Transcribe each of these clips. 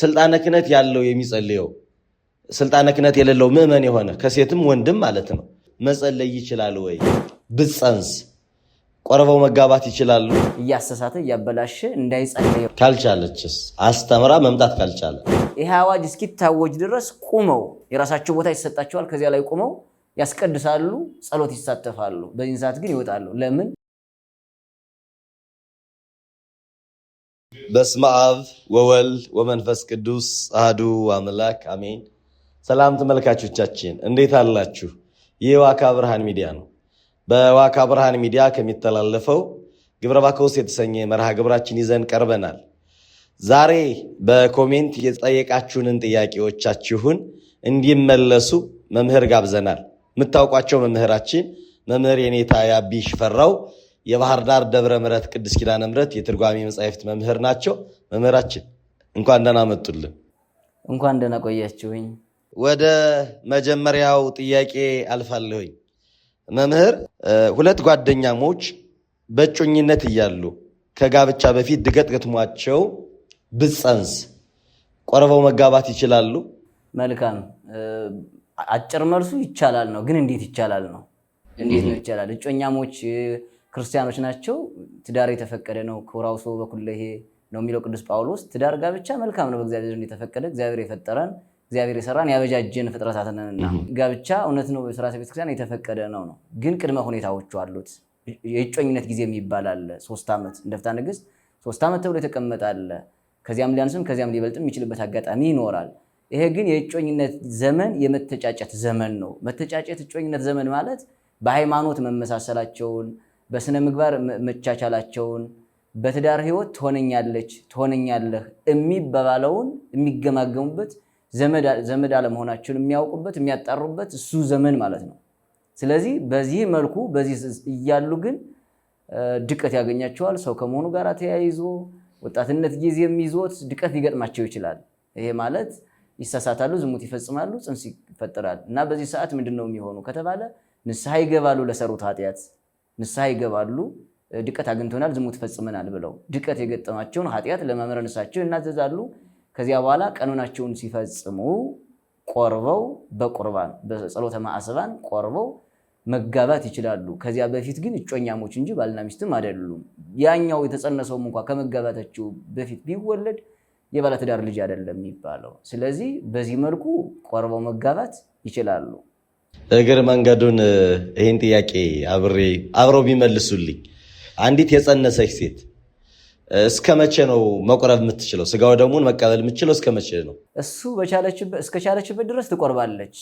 ስልጣነ ክህነት ያለው የሚጸልየው ስልጣነ ክህነት የሌለው ምዕመን የሆነ ከሴትም ወንድም ማለት ነው መጸለይ ይችላል ወይ? ብፀንስ ቆርበው መጋባት ይችላሉ? እያሰሳተ እያበላሸ እንዳይጸልየው ካልቻለችስ? አስተምራ መምጣት ካልቻለ ይህ አዋጅ እስኪታወጅ ድረስ ቁመው የራሳቸው ቦታ ይሰጣቸዋል። ከዚያ ላይ ቁመው ያስቀድሳሉ፣ ጸሎት ይሳተፋሉ። በዚህን ሰዓት ግን ይወጣሉ። ለምን? በስመ አብ ወወልድ ወመንፈስ ቅዱስ አህዱ አምላክ አሜን። ሰላም ተመልካቾቻችን እንዴት አላችሁ? ይህ ዋካ ብርሃን ሚዲያ ነው። በዋካ ብርሃን ሚዲያ ከሚተላለፈው ግብረ ባኮስ የተሰኘ መርሃ ግብራችን ይዘን ቀርበናል። ዛሬ በኮሜንት የጠየቃችሁንን ጥያቄዎቻችሁን እንዲመለሱ መምህር ጋብዘናል። የምታውቋቸው መምህራችን መምህር የኔታ ያቢ ሽፈራው የባህር ዳር ደብረ ምረት ቅዱስ ኪዳነ ምረት የትርጓሚ መጻሕፍት መምህር ናቸው። መምህራችን እንኳን ደህና መጡልን። እንኳን ደህና ቆያችሁኝ። ወደ መጀመሪያው ጥያቄ አልፋለሁኝ። መምህር ሁለት ጓደኛሞች በእጮኝነት እያሉ ከጋብቻ በፊት ድንገት ገጥሟቸው ብፀንስ ቆርበው መጋባት ይችላሉ? መልካም። አጭር መልሱ ይቻላል ነው። ግን እንዴት ይቻላል ነው? እንዴት ነው ይቻላል? እጮኛሞች ክርስቲያኖች ናቸው። ትዳር የተፈቀደ ነው። ክቡራውሶ በኩለሄ ነው የሚለው ቅዱስ ጳውሎስ። ትዳር ጋብቻ መልካም ነው በእግዚአብሔር የተፈቀደ እግዚአብሔር የፈጠረን እግዚአብሔር የሰራን ያበጃጀን ፍጥረታት ነንና ጋብቻ እውነት ነው በሥርዓተ ቤተክርስቲያን የተፈቀደ ነው ነው ግን ቅድመ ሁኔታዎቹ አሉት። የእጮኝነት ጊዜ የሚባል አለ። ሶስት ዓመት እንደ ፍትሐ ነገሥት ሶስት ዓመት ተብሎ የተቀመጠ አለ። ከዚያም ሊያንስም ከዚያም ሊበልጥ የሚችልበት አጋጣሚ ይኖራል። ይሄ ግን የእጮኝነት ዘመን የመተጫጨት ዘመን ነው። መተጫጨት እጮኝነት ዘመን ማለት በሃይማኖት መመሳሰላቸውን በስነ ምግባር መቻቻላቸውን በትዳር ህይወት ትሆነኛለች ትሆነኛለህ የሚባባለውን የሚገማገሙበት ዘመድ አለመሆናቸውን የሚያውቁበት የሚያጣሩበት እሱ ዘመን ማለት ነው። ስለዚህ በዚህ መልኩ በዚህ እያሉ ግን ድቀት ያገኛቸዋል። ሰው ከመሆኑ ጋር ተያይዞ ወጣትነት ጊዜ የሚይዞት ድቀት ሊገጥማቸው ይችላል። ይሄ ማለት ይሳሳታሉ፣ ዝሙት ይፈጽማሉ፣ ጽንስ ይፈጠራል እና በዚህ ሰዓት ምንድን ነው የሚሆኑ ከተባለ ንስሐ ይገባሉ ለሰሩት ኃጢአት ንስሐ ይገባሉ። ድቀት አግኝቶናል፣ ዝሙት ፈጽመናል ብለው ድቀት የገጠማቸውን ኃጢአት ንሳቸው ይናዘዛሉ። ከዚያ በኋላ ቀኖናቸውን ሲፈጽሙ ቆርበው በቁርባን በጸሎተ ማዕስባን ቆርበው መጋባት ይችላሉ። ከዚያ በፊት ግን እጮኛሞች እንጂ ባልና ሚስትም አይደሉም። ያኛው የተጸነሰውም እንኳ ከመጋባታቸው በፊት ቢወለድ የባለትዳር ልጅ አይደለም የሚባለው። ስለዚህ በዚህ መልኩ ቆርበው መጋባት ይችላሉ። እግር መንገዱን ይህን ጥያቄ አብሬ አብረው ቢመልሱልኝ። አንዲት የጸነሰች ሴት እስከ መቼ ነው መቁረብ የምትችለው? ስጋው ደሙን መቀበል የምትችለው እስከ መቼ ነው? እሱ እስከቻለችበት ድረስ ትቆርባለች።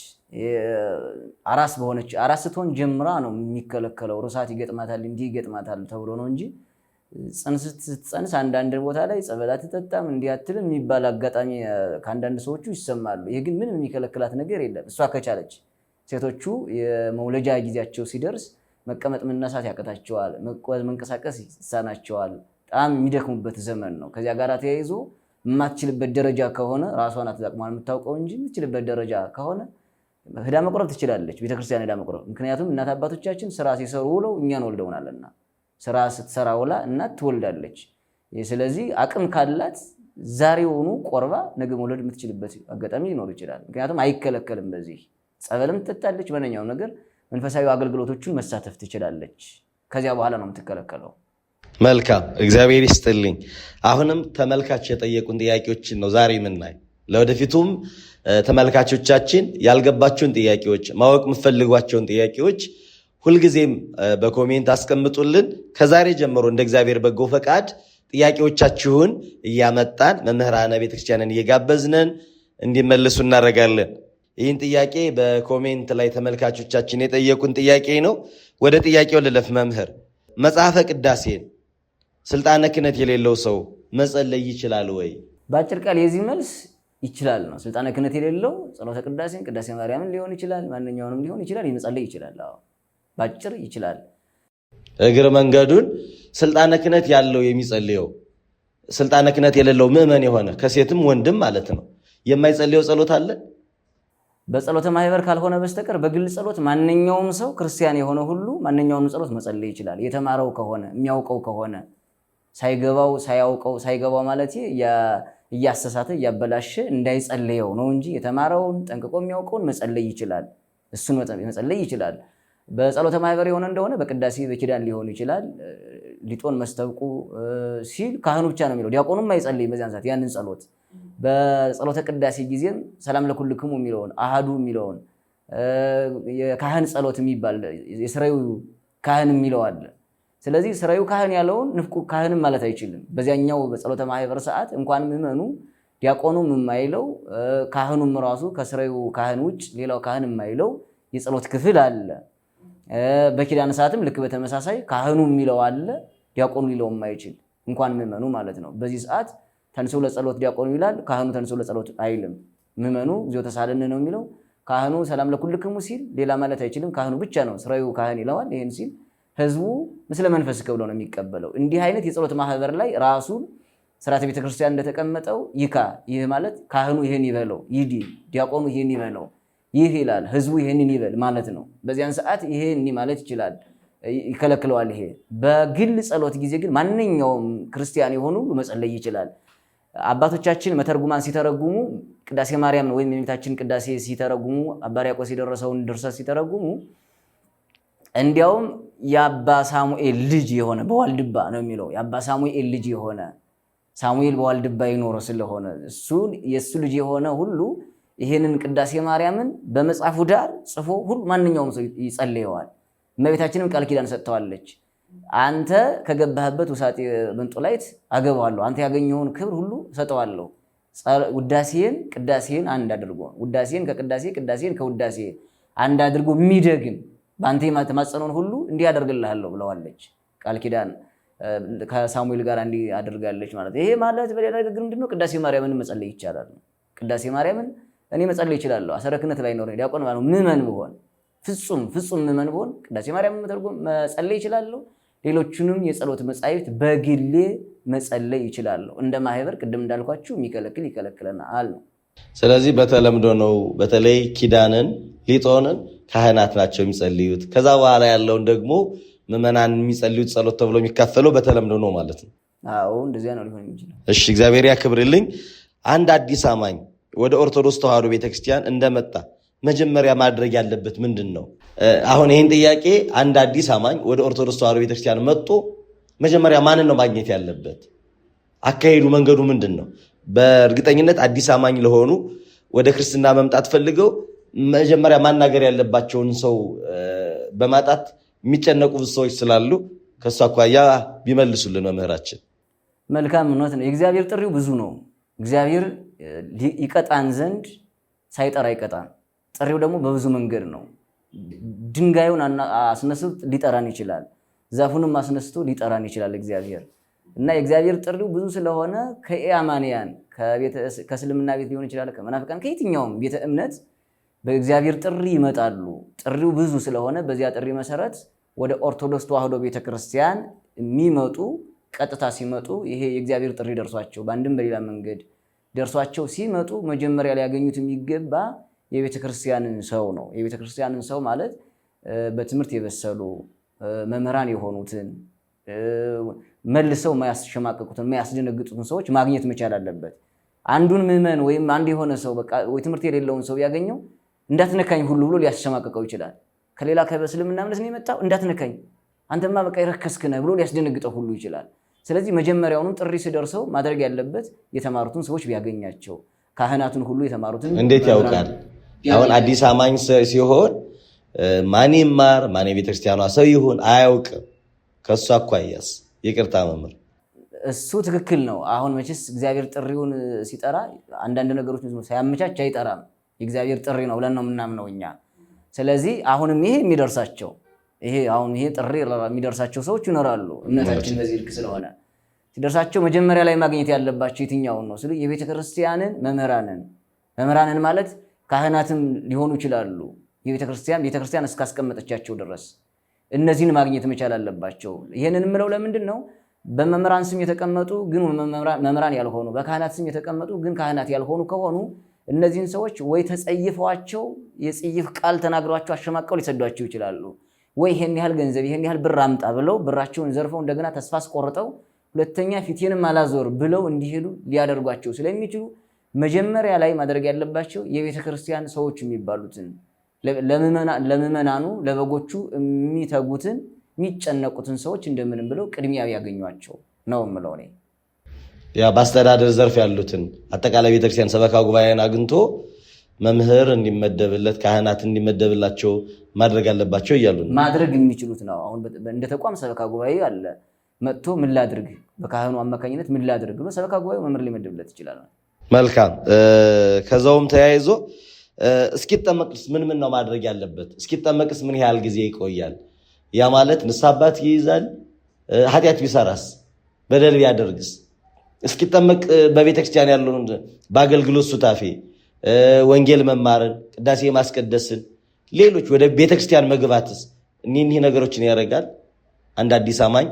አራስ በሆነች አራስ ስትሆን ጀምራ ነው የሚከለከለው። ርሳት ይገጥማታል፣ እንዲህ ይገጥማታል ተብሎ ነው እንጂ ጽንስ ስትጸንስ አንዳንድ ቦታ ላይ ጸበላ ትጠጣም እንዲህ አትልም የሚባል አጋጣሚ ከአንዳንድ ሰዎቹ ይሰማሉ። ይህ ግን ምንም የሚከለክላት ነገር የለም እሷ ከቻለች ሴቶቹ የመውለጃ ጊዜያቸው ሲደርስ መቀመጥ መነሳት ያቀታቸዋል፣ መጓዝ መንቀሳቀስ ይሳናቸዋል። በጣም የሚደክሙበት ዘመን ነው። ከዚያ ጋር ተያይዞ የማትችልበት ደረጃ ከሆነ ራሷን አትጠቅሟን የምታውቀው እንጂ የምትችልበት ደረጃ ከሆነ ህዳ መቁረብ ትችላለች፣ ቤተክርስቲያን ሄዳ መቁረብ። ምክንያቱም እናት አባቶቻችን ስራ ሲሰሩ ውለው እኛን ወልደውናልና ስራ ስትሰራ ውላ እናት ትወልዳለች። ስለዚህ አቅም ካላት ዛሬውኑ ቆርባ ነገ መውለድ የምትችልበት አጋጣሚ ሊኖር ይችላል። ምክንያቱም አይከለከልም በዚህ ጸበልም ትጠጣለች። በነኛው ነገር መንፈሳዊ አገልግሎቶችን መሳተፍ ትችላለች። ከዚያ በኋላ ነው የምትከለከለው። መልካም እግዚአብሔር ይስጥልኝ። አሁንም ተመልካች የጠየቁን ጥያቄዎችን ነው ዛሬ የምናይ። ለወደፊቱም ተመልካቾቻችን ያልገባቸውን ጥያቄዎች፣ ማወቅ የምፈልጓቸውን ጥያቄዎች ሁልጊዜም በኮሜንት አስቀምጡልን። ከዛሬ ጀምሮ እንደ እግዚአብሔር በጎ ፈቃድ ጥያቄዎቻችሁን እያመጣን መምህራነ ቤተክርስቲያንን እየጋበዝንን እንዲመልሱ እናደርጋለን። ይህን ጥያቄ በኮሜንት ላይ ተመልካቾቻችን የጠየቁን ጥያቄ ነው። ወደ ጥያቄው ልለፍ። መምህር መጽሐፈ ቅዳሴን ስልጣነ ክህነት የሌለው ሰው መጸለይ ይችላል ወይ? በአጭር ቃል የዚህ መልስ ይችላል ነው። ስልጣነ ክህነት የሌለው ጸሎተ ቅዳሴን፣ ቅዳሴ ማርያምን ሊሆን ይችላል፣ ማንኛውንም ሊሆን ይችላል፣ መጸለይ ይችላል። በአጭር ይችላል። እግር መንገዱን ስልጣነ ክህነት ያለው የሚጸልየው ስልጣነ ክህነት የሌለው ምዕመን የሆነ ከሴትም ወንድም ማለት ነው የማይጸልየው ጸሎት አለን? በጸሎተ ማህበር ካልሆነ በስተቀር በግል ጸሎት ማንኛውም ሰው ክርስቲያን የሆነ ሁሉ ማንኛውንም ጸሎት መጸለይ ይችላል። የተማረው ከሆነ የሚያውቀው ከሆነ ሳይገባው ሳያውቀው ሳይገባው ማለት እያሰሳተ እያበላሸ እንዳይጸልየው ነው እንጂ የተማረውን ጠንቅቆ የሚያውቀውን መጸለይ ይችላል። እሱን መጸለይ ይችላል። በጸሎተ ማህበር የሆነ እንደሆነ በቅዳሴ በኪዳን ሊሆን ይችላል። ሊጦን መስተብቁ ሲል ካህኑ ብቻ ነው የሚለው፣ ዲያቆኑም አይጸልይም በዚያን ሰዓት ያንን ጸሎት በጸሎተ ቅዳሴ ጊዜም ሰላም ለኩልክሙ የሚለውን አሃዱ የሚለውን የካህን ጸሎት የሚባል የስራዩ ካህን የሚለው አለ። ስለዚህ ስራዩ ካህን ያለውን ንፍቁ ካህንም ማለት አይችልም። በዚያኛው በጸሎተ ማህበር ሰዓት እንኳን ምመኑ ዲያቆኑም የማይለው ካህኑም ራሱ ከስራዩ ካህን ውጭ ሌላው ካህን የማይለው የጸሎት ክፍል አለ። በኪዳን ሰዓትም ልክ በተመሳሳይ ካህኑ የሚለው አለ፣ ዲያቆኑ ሊለው የማይችል እንኳን ምእመኑ ማለት ነው። በዚህ ሰዓት ተንሰው ለጸሎት ዲያቆኑ ይላል። ካህኑ ተንሥኡ ለጸሎት አይልም። ምዕመኑ እግዚኦ ተሳለን ነው የሚለው። ካህኑ ሰላም ለኩልክሙ ሲል ሌላ ማለት አይችልም። ካህኑ ብቻ ነው ስራዩ ካህን ይለዋል። ይህን ሲል ህዝቡ ምስለ መንፈስ ከብሎ ነው የሚቀበለው። እንዲህ አይነት የጸሎት ማህበር ላይ ራሱን ስርዓተ ቤተክርስቲያን እንደተቀመጠው ይካ ይህ ማለት ካህኑ ይህን ይበለው፣ ይዲ ዲያቆኑ ይህን ይበለው፣ ይህ ይላል ህዝቡ ይህንን ይበል ማለት ነው። በዚያን ሰዓት ይህን ማለት ይችላል ይከለክለዋል። ይሄ በግል ጸሎት ጊዜ ግን ማንኛውም ክርስቲያን የሆኑ መጸለይ ይችላል። አባቶቻችን መተርጉማን ሲተረጉሙ ቅዳሴ ማርያም ወይም የቤታችን ቅዳሴ ሲተረጉሙ አባ ሕርያቆስ የደረሰውን ድርሰት ሲተረጉሙ እንዲያውም የአባ ሳሙኤል ልጅ የሆነ በዋልድባ ነው የሚለው። የአባ ሳሙኤል ልጅ የሆነ ሳሙኤል በዋልድባ ይኖረ ስለሆነ እሱ የእሱ ልጅ የሆነ ሁሉ ይህንን ቅዳሴ ማርያምን በመጽሐፉ ዳር ጽፎ ሁሉ ማንኛውም ሰው ይጸልየዋል። እመቤታችንም ቃል ኪዳን ሰጥተዋለች። አንተ ከገባህበት ውሳጤ ምንጦላይት አገባዋለሁ፣ አንተ ያገኘውን ክብር ሁሉ ሰጠዋለሁ ውዳሴን ቅዳሴን አንድ አድርጎ ውዳሴን ከቅዳሴ ቅዳሴን ከውዳሴ አንድ አድርጎ የሚደግም በአንተ የማትማጸነውን ሁሉ እንዲህ አደርግልሃለሁ ብለዋለች። ቃል ኪዳን ከሳሙኤል ጋር እንዲህ አድርጋለች ማለት ይሄ ማለት በሌላ ነገር ምንድነው? ቅዳሴ ማርያምን መጸለይ ይቻላል። ቅዳሴ ማርያምን እኔ መጸለይ ይችላለሁ። አሰረክነት ላይ ኖረ ዲያቆን ምመን ብሆን ፍጹም ፍጹም ምመን ብሆን ቅዳሴ ማርያምን መጸለይ ይችላለሁ። ሌሎቹንም የጸሎት መጻሕፍት በግሌ መጸለይ ይችላለሁ። እንደ ማህበር ቅድም እንዳልኳችሁ የሚከለክል ይከለክለናል ነው። ስለዚህ በተለምዶ ነው። በተለይ ኪዳንን ሊጦንን ካህናት ናቸው የሚጸልዩት። ከዛ በኋላ ያለውን ደግሞ ምዕመናን የሚጸልዩት ጸሎት ተብሎ የሚካፈለው በተለምዶ ነው ማለት ነው። አዎ እንደዚያ ነው ሊሆን የሚችለው። እሺ፣ እግዚአብሔር ያክብርልኝ። አንድ አዲስ አማኝ ወደ ኦርቶዶክስ ተዋሕዶ ቤተክርስቲያን እንደመጣ መጀመሪያ ማድረግ ያለበት ምንድን ነው? አሁን ይህን ጥያቄ አንድ አዲስ አማኝ ወደ ኦርቶዶክስ ተዋህዶ ቤተክርስቲያን መጥቶ መጀመሪያ ማንን ነው ማግኘት ያለበት? አካሄዱ መንገዱ ምንድን ነው? በእርግጠኝነት አዲስ አማኝ ለሆኑ ወደ ክርስትና መምጣት ፈልገው መጀመሪያ ማናገር ያለባቸውን ሰው በማጣት የሚጨነቁ ብዙ ሰዎች ስላሉ ከእሱ አኳያ ቢመልሱልን መምህራችን። መልካም ምኖት ነው። የእግዚአብሔር ጥሪው ብዙ ነው። እግዚአብሔር ይቀጣን ዘንድ ሳይጠራ ይቀጣን። ጥሪው ደግሞ በብዙ መንገድ ነው። ድንጋዩን አስነስቶ ሊጠራን ይችላል። ዛፉንም አስነስቶ ሊጠራን ይችላል እግዚአብሔር እና የእግዚአብሔር ጥሪው ብዙ ስለሆነ ከኢአማንያን ከእስልምና ቤት ሊሆን ይችላል፣ ከመናፍቃን ከየትኛውም ቤተ እምነት በእግዚአብሔር ጥሪ ይመጣሉ። ጥሪው ብዙ ስለሆነ በዚያ ጥሪ መሰረት ወደ ኦርቶዶክስ ተዋህዶ ቤተክርስቲያን የሚመጡ ቀጥታ ሲመጡ ይሄ የእግዚአብሔር ጥሪ ደርሷቸው በአንድም በሌላ መንገድ ደርሷቸው ሲመጡ መጀመሪያ ሊያገኙት የሚገባ የቤተ ክርስቲያንን ሰው ነው። የቤተ ክርስቲያንን ሰው ማለት በትምህርት የበሰሉ መምህራን የሆኑትን መልሰው የማያስሸማቀቁትን የማያስደነግጡትን ሰዎች ማግኘት መቻል አለበት። አንዱን ምዕመን ወይም አንድ የሆነ ሰው በቃ ወይ ትምህርት የሌለውን ሰው ያገኘው እንዳትነካኝ ሁሉ ብሎ ሊያስሸማቀቀው ይችላል። ከሌላ ከበስልምና እምነት ነው የመጣው እንዳትነካኝ፣ አንተማ በቃ የረከስክ ነህ ብሎ ሊያስደነግጠው ሁሉ ይችላል። ስለዚህ መጀመሪያውንም ጥሪ ሲደርሰው ማድረግ ያለበት የተማሩትን ሰዎች ቢያገኛቸው፣ ካህናቱን ሁሉ የተማሩትን እንዴት ያውቃል? አሁን አዲስ አማኝ ሲሆን ማን ይማር ማን የቤተክርስቲያኗ ሰው ይሁን አያውቅም። ከእሱ አኳያስ ይቅርታ መምህር እሱ ትክክል ነው። አሁን መቼስ እግዚአብሔር ጥሪውን ሲጠራ አንዳንድ ነገሮች ሳያመቻች አይጠራም። የእግዚአብሔር ጥሪ ነው ብለን ነው የምናምነው እኛ። ስለዚህ አሁንም ይሄ የሚደርሳቸው ይሄ አሁን ይሄ ጥሪ የሚደርሳቸው ሰዎች ይኖራሉ። እምነታችን በዚህ ልክ ስለሆነ ሲደርሳቸው መጀመሪያ ላይ ማግኘት ያለባቸው የትኛውን ነው ስ የቤተክርስቲያንን መምህራንን መምህራንን ማለት ካህናትም ሊሆኑ ይችላሉ። የቤተክርስቲያን ቤተክርስቲያን እስካስቀመጠቻቸው ድረስ እነዚህን ማግኘት መቻል አለባቸው። ይህንን የምለው ለምንድን ነው? በመምህራን ስም የተቀመጡ ግን መምህራን ያልሆኑ፣ በካህናት ስም የተቀመጡ ግን ካህናት ያልሆኑ ከሆኑ እነዚህን ሰዎች ወይ ተጸይፈዋቸው የጽይፍ ቃል ተናግሯቸው አሸማቀው ሊሰዷቸው ይችላሉ። ወይ ይሄን ያህል ገንዘብ ይሄን ያህል ብር አምጣ ብለው ብራቸውን ዘርፈው እንደገና ተስፋ አስቆርጠው ሁለተኛ ፊቴንም አላዞር ብለው እንዲሄዱ ሊያደርጓቸው ስለሚችሉ መጀመሪያ ላይ ማድረግ ያለባቸው የቤተ ክርስቲያን ሰዎች የሚባሉትን ለምእመናኑ ለበጎቹ የሚተጉትን የሚጨነቁትን ሰዎች እንደምንም ብለው ቅድሚያ ያገኟቸው ነው የምለው እኔ። በአስተዳደር ዘርፍ ያሉትን አጠቃላይ ቤተክርስቲያን ሰበካ ጉባኤን አግኝቶ መምህር እንዲመደብለት ካህናት እንዲመደብላቸው ማድረግ አለባቸው እያሉ ማድረግ የሚችሉት ነው። አሁን እንደ ተቋም ሰበካ ጉባኤ አለ። መጥቶ ምን ላድርግ፣ በካህኑ አማካኝነት ምን ላድርግ ብሎ ሰበካ ጉባኤ መምህር ሊመደብለት ይችላል። መልካም ከዛውም ተያይዞ እስኪጠመቅስ ምን ምን ነው ማድረግ ያለበት? እስኪጠመቅስ ምን ያህል ጊዜ ይቆያል? ያ ማለት ንስሐ አባት ይይዛል? ኃጢአት ቢሰራስ በደል ቢያደርግስ? እስኪጠመቅ በቤተክርስቲያን ያለውን በአገልግሎት ሱታፌ ወንጌል መማርን፣ ቅዳሴ ማስቀደስን፣ ሌሎች ወደ ቤተክርስቲያን መግባትስ እኒህ ነገሮችን ያደርጋል አንድ አዲስ አማኝ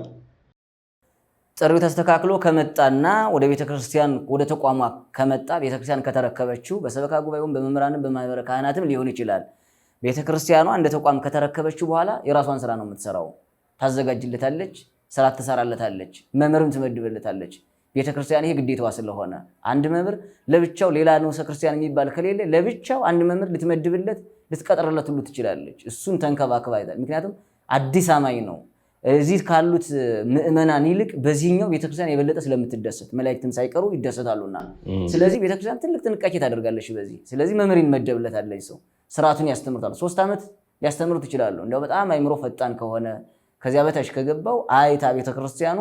ጥሪው ተስተካክሎ ከመጣና ወደ ቤተክርስቲያን ወደ ተቋሟ ከመጣ ቤተክርስቲያን ከተረከበችው በሰበካ ጉባኤውም በመምህራንም በማህበረ ካህናትም ሊሆን ይችላል። ቤተክርስቲያኗ እንደ ተቋም ከተረከበችው በኋላ የራሷን ስራ ነው የምትሰራው። ታዘጋጅለታለች፣ ስራ ትሰራለታለች፣ መምህርም ትመድብለታለች። ቤተክርስቲያን ይሄ ግዴታዋ ስለሆነ አንድ መምህር ለብቻው ሌላ ንዑሰ ክርስቲያን የሚባል ከሌለ ለብቻው አንድ መምህር ልትመድብለት ልትቀጥርለት ሁሉ ትችላለች። እሱን ተንከባክባ፣ ምክንያቱም አዲስ አማኝ ነው። እዚህ ካሉት ምዕመናን ይልቅ በዚህኛው ቤተክርስቲያን የበለጠ ስለምትደሰት መላእክትን ሳይቀሩ ይደሰታሉና፣ ስለዚህ ቤተክርስቲያን ትልቅ ጥንቃቄ ታደርጋለች በዚህ። ስለዚህ መምህር ይመደብለታል። ለዚህ ሰው ስርዓቱን ያስተምርታል። ሶስት ዓመት ሊያስተምር ይችላሉ። እንዲያው በጣም አይምሮ ፈጣን ከሆነ ከዚያ በታች ከገባው አይታ ቤተክርስቲያኗ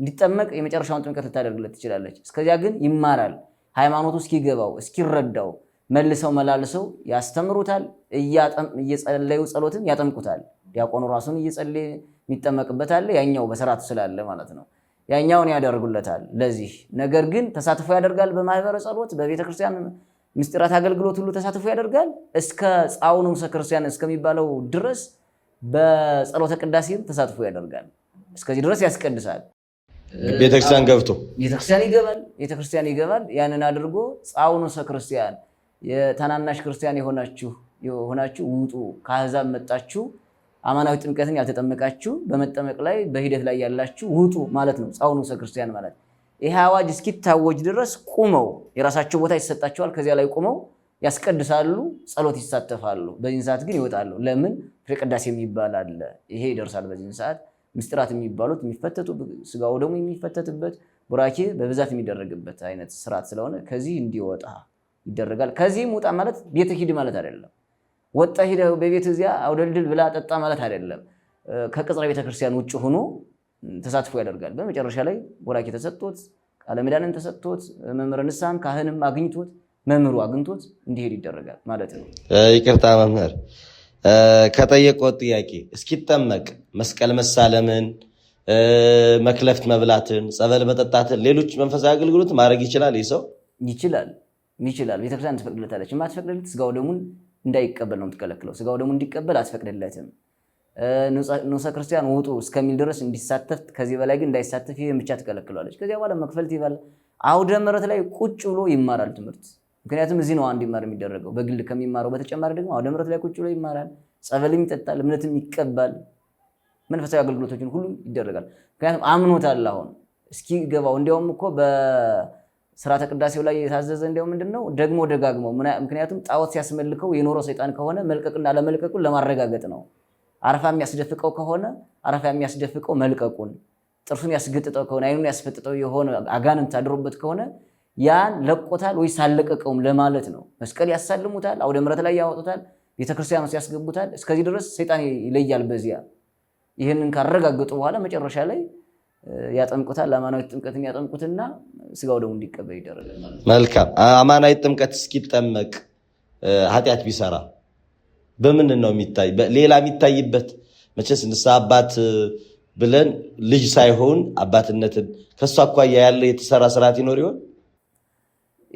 እንዲጠመቅ የመጨረሻውን ጥምቀት ልታደርግለት ትችላለች። እስከዚያ ግን ይማራል። ሃይማኖቱ እስኪገባው እስኪረዳው መልሰው መላልሰው ያስተምሩታል። እየጸለዩ ጸሎትም ያጠምቁታል። ዲያቆኑ ራሱን እየጸለየ የሚጠመቅበት አለ፣ ያኛው በስርዓቱ ስላለ ማለት ነው። ያኛውን ያደርጉለታል። ለዚህ ነገር ግን ተሳትፎ ያደርጋል። በማህበረ ጸሎት፣ በቤተክርስቲያን ምስጢራት አገልግሎት ሁሉ ተሳትፎ ያደርጋል። እስከ ጻኡ ንዑሰ ክርስቲያን እስከሚባለው ድረስ በጸሎተ ቅዳሴም ተሳትፎ ያደርጋል። እስከዚህ ድረስ ያስቀድሳል። ቤተክርስቲያን ገብቶ ቤተክርስቲያን ይገባል። ቤተክርስቲያን ይገባል። ያንን አድርጎ ጻኡ ንዑሰ ክርስቲያን የታናናሽ ክርስቲያን የሆናችሁ የሆናችሁ ውጡ፣ ከአህዛብ መጣችሁ አማናዊ ጥምቀትን ያልተጠመቃችሁ በመጠመቅ ላይ በሂደት ላይ ያላችሁ ውጡ ማለት ነው። ጻውኑሰ ክርስቲያን ማለት ይሄ አዋጅ እስኪታወጅ ድረስ ቁመው የራሳቸው ቦታ ይሰጣቸዋል። ከዚያ ላይ ቁመው ያስቀድሳሉ፣ ጸሎት ይሳተፋሉ። በዚህን ሰዓት ግን ይወጣሉ። ለምን? ፍሬ የሚባል አለ። ይሄ ይደርሳል። በዚህን ሰዓት ምስጢራት የሚባሉት የሚፈተቱ ስጋው ደግሞ የሚፈተትበት ቡራኬ በብዛት የሚደረግበት አይነት ስርዓት ስለሆነ ከዚህ እንዲወጣ ይደረጋል። ከዚህም ውጣ ማለት ቤተ ሂድ ማለት አይደለም። ወጣ ሄደ በቤት እዚያ አውደልድል ብላ ጠጣ ማለት አይደለም። ከቅጽረ ቤተክርስቲያን ውጭ ሆኖ ተሳትፎ ያደርጋል። በመጨረሻ ላይ ቦራኬ ተሰጥቶት ቃለ ምዕዳንን ተሰጥቶት መምህረ ንስሐም ካህንም አግኝቶት መምህሩ አግኝቶት እንዲሄድ ይደረጋል ማለት ነው። ይቅርታ መምህር ከጠየቀው ጥያቄ እስኪጠመቅ መስቀል መሳለምን፣ መክለፍት መብላትን፣ ጸበል መጠጣትን፣ ሌሎች መንፈሳዊ አገልግሎት ማድረግ ይችላል። ይህ ሰው ይችላል ይችላል። ቤተክርስቲያን ትፈቅድለታለች። የማትፈቅድለት ስጋው ደሙን እንዳይቀበል ነው የምትከለክለው። ስጋው ደግሞ እንዲቀበል አስፈቅደለትም። ንዑሰ ክርስቲያን ውጡ እስከሚል ድረስ እንዲሳተፍ፣ ከዚህ በላይ ግን እንዳይሳተፍ ይህን ብቻ ትከለክለዋለች። ከዚያ በኋላ መክፈልት ይበላል። አውደ ምሕረት ላይ ቁጭ ብሎ ይማራል ትምህርት። ምክንያቱም እዚህ ነው እንዲማር የሚደረገው። በግል ከሚማረው በተጨማሪ ደግሞ አውደ ምሕረት ላይ ቁጭ ብሎ ይማራል። ጸበልም ይጠጣል፣ እምነትም ይቀባል፣ መንፈሳዊ አገልግሎቶችን ሁሉ ይደረጋል። ምክንያቱም አምኖታል አሁን እስኪገባው እንዲያውም እኮ ስርዓተ ቅዳሴው ላይ የታዘዘ እንዲያው ምንድን ነው ደግሞ ደጋግሞ፣ ምክንያቱም ጣዖት ሲያስመልከው የኖረው ሰይጣን ከሆነ መልቀቅና ለመልቀቁን ለማረጋገጥ ነው። አረፋ የሚያስደፍቀው ከሆነ አረፋ የሚያስደፍቀው መልቀቁን፣ ጥርሱን ያስገጥጠው ከሆነ አይኑን ያስፈጥጠው የሆነ አጋንንት አድሮበት ከሆነ ያን ለቆታል ወይስ አለቀቀውም ለማለት ነው። መስቀል ያሳልሙታል፣ አውደ ምረት ላይ ያወጡታል፣ ቤተክርስቲያን ያስገቡታል። እስከዚህ ድረስ ሰይጣን ይለያል። በዚያ ይህንን ካረጋገጡ በኋላ መጨረሻ ላይ ያጠምቁታል። ለአማናዊት ጥምቀትን ያጠምቁትና ስጋው ደግሞ እንዲቀበል ይደረጋል። መልካም አማናዊ ጥምቀት እስኪጠመቅ ኃጢአት ቢሰራ በምን ነው የሚታይ? ሌላ የሚታይበት መቼስ ንስሐ አባት ብለን ልጅ ሳይሆን አባትነትን ከእሱ አኳያ ያለ የተሰራ ስርዓት ይኖር ይሆን?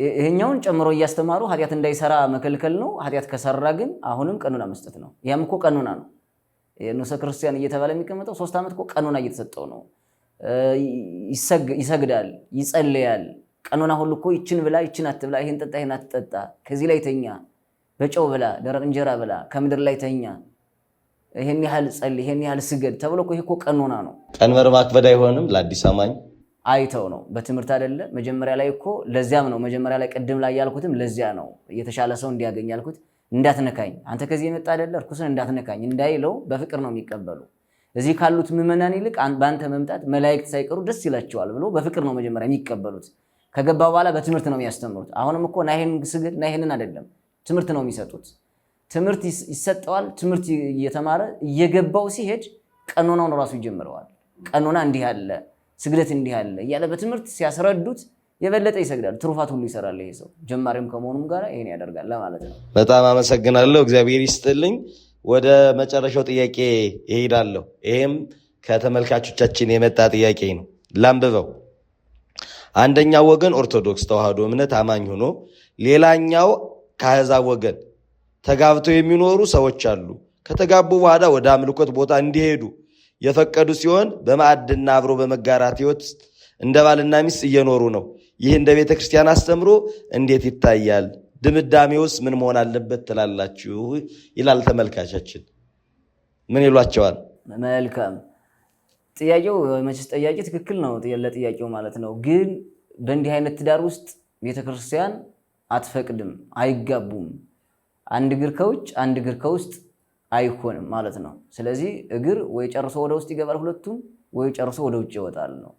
ይሄኛውን ጨምሮ እያስተማሩ ኃጢአት እንዳይሰራ መከልከል ነው። ኃጢአት ከሰራ ግን አሁንም ቀኑና መስጠት ነው። ያም እኮ ቀኑና ነው። ንዑሰ ክርስቲያን እየተባለ የሚቀመጠው ሶስት ዓመት እኮ ቀኑና እየተሰጠው ነው። ይሰግዳል፣ ይጸልያል። ቀኖና ሁሉ እኮ ይችን ብላ፣ ይችን አትብላ፣ ይህን ጠጣ፣ ይህን አትጠጣ፣ ከዚህ ላይ ተኛ፣ በጨው ብላ፣ ደረቅ እንጀራ ብላ፣ ከምድር ላይ ተኛ፣ ይህን ያህል ጸልይ፣ ይህን ያህል ስገድ ተብሎ ይህ እኮ ቀኖና ነው። ቀንበር ማክበድ አይሆንም ለአዲስ አማኝ አይተው ነው በትምህርት አይደለ። መጀመሪያ ላይ እኮ ለዚያም ነው መጀመሪያ ላይ ቅድም ላይ ያልኩትም ለዚያ ነው የተሻለ ሰው እንዲያገኝ ያልኩት። እንዳትነካኝ አንተ ከዚህ የመጣ አይደለ እርኩስን እንዳትነካኝ እንዳይለው በፍቅር ነው የሚቀበሉ እዚህ ካሉት ምዕመናን ይልቅ በአንተ መምጣት መላእክት ሳይቀሩ ደስ ይላቸዋል ብሎ በፍቅር ነው መጀመሪያ የሚቀበሉት። ከገባ በኋላ በትምህርት ነው የሚያስተምሩት። አሁንም እኮ ናይህን ስግድ ናይህንን አይደለም ትምህርት ነው የሚሰጡት። ትምህርት ይሰጠዋል። ትምህርት እየተማረ እየገባው ሲሄድ ቀኖናውን ራሱ ይጀምረዋል። ቀኖና እንዲህ አለ፣ ስግደት እንዲህ አለ እያለ በትምህርት ሲያስረዱት የበለጠ ይሰግዳል። ትሩፋት ሁሉ ይሰራል። ይሄ ሰው ጀማሪም ከመሆኑም ጋር ይሄን ያደርጋል ማለት ነው። በጣም አመሰግናለሁ። እግዚአብሔር ይስጥልኝ። ወደ መጨረሻው ጥያቄ ይሄዳለሁ። ይሄም ከተመልካቾቻችን የመጣ ጥያቄ ነው። ላንብበው። አንደኛው ወገን ኦርቶዶክስ ተዋህዶ እምነት አማኝ ሆኖ ሌላኛው ከአሕዛብ ወገን ተጋብተው የሚኖሩ ሰዎች አሉ። ከተጋቡ በኋላ ወደ አምልኮት ቦታ እንዲሄዱ የፈቀዱ ሲሆን በማዕድና አብሮ በመጋራት ህይወት እንደ ባልና ሚስት እየኖሩ ነው። ይህ እንደ ቤተ ክርስቲያን አስተምሮ እንዴት ይታያል? ድምዳሜ ውስጥ ምን መሆን አለበት ትላላችሁ? ይላል ተመልካቻችን። ምን ይሏቸዋል? መልካም ጥያቄው መቼስ ጠያቄ ትክክል ነው ለጥያቄው ማለት ነው። ግን በእንዲህ አይነት ትዳር ውስጥ ቤተክርስቲያን አትፈቅድም፣ አይጋቡም። አንድ እግር ከውጭ አንድ እግር ከውስጥ አይሆንም ማለት ነው። ስለዚህ እግር ወይ ጨርሶ ወደ ውስጥ ይገባል ሁለቱም፣ ወይ ጨርሶ ወደ ውጭ ይወጣል ነው።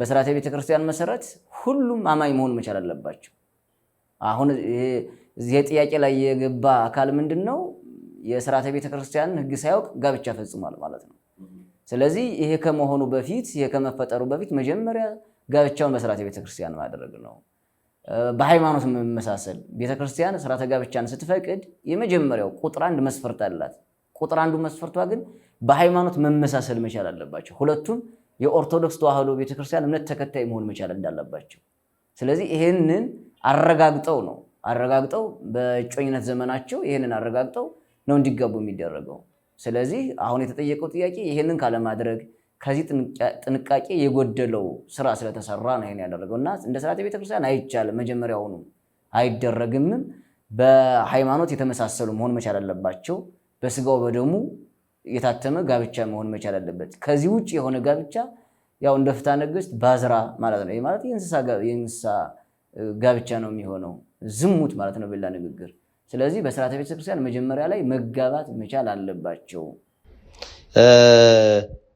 በስርዓተ ቤተክርስቲያን መሰረት ሁሉም አማኝ መሆን መቻል አለባቸው። አሁን እዚህ ጥያቄ ላይ የገባ አካል ምንድን ነው? የስርዓተ ቤተ ክርስቲያንን ሳያውቅ ጋብቻ ፈጽሟል ማለት ነው። ስለዚህ ይሄ ከመሆኑ በፊት ይሄ ከመፈጠሩ በፊት መጀመሪያ ጋብቻውን በስርዓተ ቤተ ክርስቲያን ማድረግ ነው። በሃይማኖት መመሳሰል ቤተ ክርስቲያን ስርዓተ ጋብቻን ስትፈቅድ የመጀመሪያው ቁጥር አንድ መስፈርት አላት። ቁጥር አንዱ መስፈርቷ ግን በሃይማኖት መመሳሰል መቻል አለባቸው። ሁለቱም የኦርቶዶክስ ተዋህዶ ቤተክርስቲያን እምነት ተከታይ መሆን መቻል እንዳለባቸው። ስለዚህ ይህንን አረጋግጠው ነው አረጋግጠው በእጮኝነት ዘመናቸው ይህንን አረጋግጠው ነው እንዲጋቡ የሚደረገው። ስለዚህ አሁን የተጠየቀው ጥያቄ ይህንን ካለማድረግ ከዚህ ጥንቃቄ የጎደለው ስራ ስለተሰራ ነው ይሄን ያደረገው እና እንደ ስርዓተ ቤተክርስቲያን አይቻልም፣ መጀመሪያውኑ አይደረግምም። በሃይማኖት የተመሳሰሉ መሆን መቻል አለባቸው። በስጋው በደሙ የታተመ ጋብቻ መሆን መቻል አለበት። ከዚህ ውጭ የሆነ ጋብቻ ያው እንደ ፍትሐ ነገሥት ባዝራ ማለት ነው። ይህ ማለት የእንስሳ ጋብቻ ነው የሚሆነው። ዝሙት ማለት ነው በሌላ ንግግር። ስለዚህ በስርዓተ ቤተክርስቲያን መጀመሪያ ላይ መጋባት መቻል አለባቸው።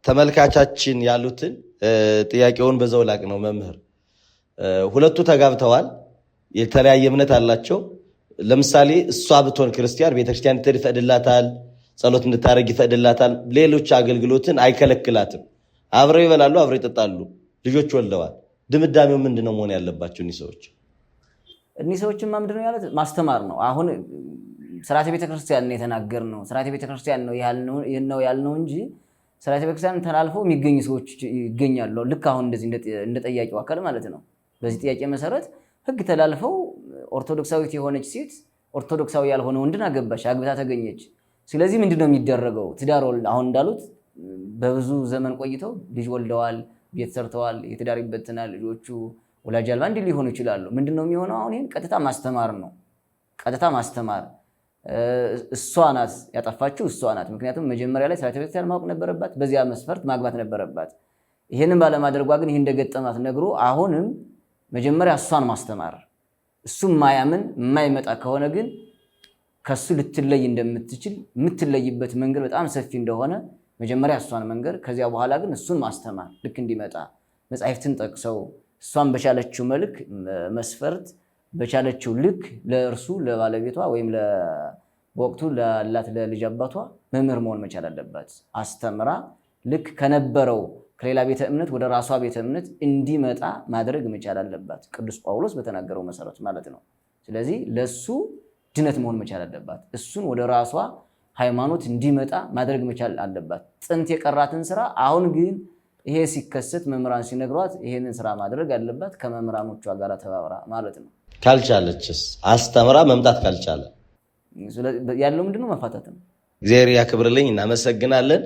ተመልካቻችን ያሉትን ጥያቄውን በዛው ላቅ ነው መምህር፣ ሁለቱ ተጋብተዋል፣ የተለያየ እምነት አላቸው። ለምሳሌ እሷ ብትሆን ክርስቲያን ቤተክርስቲያን ትር ይፈቅድላታል፣ ጸሎት እንድታደርግ ይፈቅድላታል፣ ሌሎች አገልግሎትን አይከለክላትም። አብረው ይበላሉ፣ አብረው ይጠጣሉ፣ ልጆች ወልደዋል። ድምዳሜው ምንድን ነው መሆን ያለባቸው እኒህ ሰዎች? እኒህ ሰዎችማ ምንድን ነው ማስተማር ነው። አሁን ስርዓተ ቤተክርስቲያን የተናገር ነው ስርዓተ ቤተክርስቲያን ነው ያልነው እንጂ ስርዓተ ቤተክርስቲያን ተላልፎ የሚገኙ ሰዎች ይገኛሉ። ልክ አሁን እንደዚህ እንደ ጠያቂው አካል ማለት ነው። በዚህ ጥያቄ መሰረት ህግ ተላልፈው ኦርቶዶክሳዊት የሆነች ሴት ኦርቶዶክሳዊ ያልሆነ ወንድን አገባች፣ አግብታ ተገኘች። ስለዚህ ምንድነው የሚደረገው? ትዳሮል አሁን እንዳሉት በብዙ ዘመን ቆይተው ልጅ ወልደዋል። ቤት ሰርተዋል፣ የትዳር ይበትናል፣ ልጆቹ ወላጅ አልባ እንዲህ ሊሆኑ ይችላሉ። ምንድን ነው የሚሆነው? አሁን ይህን ቀጥታ ማስተማር ነው። ቀጥታ ማስተማር እሷ ናት ያጠፋችው፣ እሷ ናት። ምክንያቱም መጀመሪያ ላይ ስርዓተ ቤተክርስቲያን ማወቅ ነበረባት፣ በዚያ መስፈርት ማግባት ነበረባት። ይህንን ባለማድረጓ ግን ይህ እንደገጠማት ነግሮ አሁንም መጀመሪያ እሷን ማስተማር እሱ ማያምን የማይመጣ ከሆነ ግን ከሱ ልትለይ እንደምትችል የምትለይበት መንገድ በጣም ሰፊ እንደሆነ መጀመሪያ እሷን መንገር፣ ከዚያ በኋላ ግን እሱን ማስተማር ልክ እንዲመጣ መጽሐፍትን ጠቅሰው እሷን በቻለችው መልክ መስፈርት በቻለችው ልክ ለእርሱ ለባለቤቷ ወይም በወቅቱ ላላት ለልጅ አባቷ መምህር መሆን መቻል አለባት። አስተምራ ልክ ከነበረው ከሌላ ቤተ እምነት ወደ ራሷ ቤተ እምነት እንዲመጣ ማድረግ መቻል አለባት። ቅዱስ ጳውሎስ በተናገረው መሰረት ማለት ነው። ስለዚህ ለእሱ ድነት መሆን መቻል አለባት። እሱን ወደ ራሷ ሃይማኖት እንዲመጣ ማድረግ መቻል አለባት። ጥንት የቀራትን ስራ አሁን ግን ይሄ ሲከሰት መምህራን ሲነግሯት ይሄንን ስራ ማድረግ አለባት ከመምህራኖቿ ጋር ተባብራ ማለት ነው። ካልቻለችስ አስተምራ መምጣት ካልቻለ ያለው ምንድነው? መፋታት ነው። እግዚአብሔር ያክብርልኝ። እናመሰግናለን።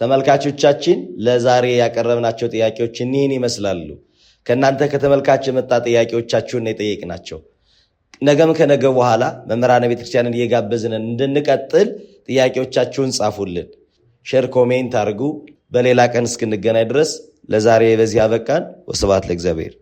ተመልካቾቻችን ለዛሬ ያቀረብናቸው ጥያቄዎች እኒህን ይመስላሉ። ከእናንተ ከተመልካች የመጣ ጥያቄዎቻችሁን የጠየቅናቸው ነገም ከነገ በኋላ መምህራነ ቤተክርስቲያንን እየጋበዝንን እንድንቀጥል ጥያቄዎቻችሁን ጻፉልን፣ ሼር ኮሜንት አድርጉ። በሌላ ቀን እስክንገናኝ ድረስ ለዛሬ በዚህ አበቃን። ወስብሐት ለእግዚአብሔር።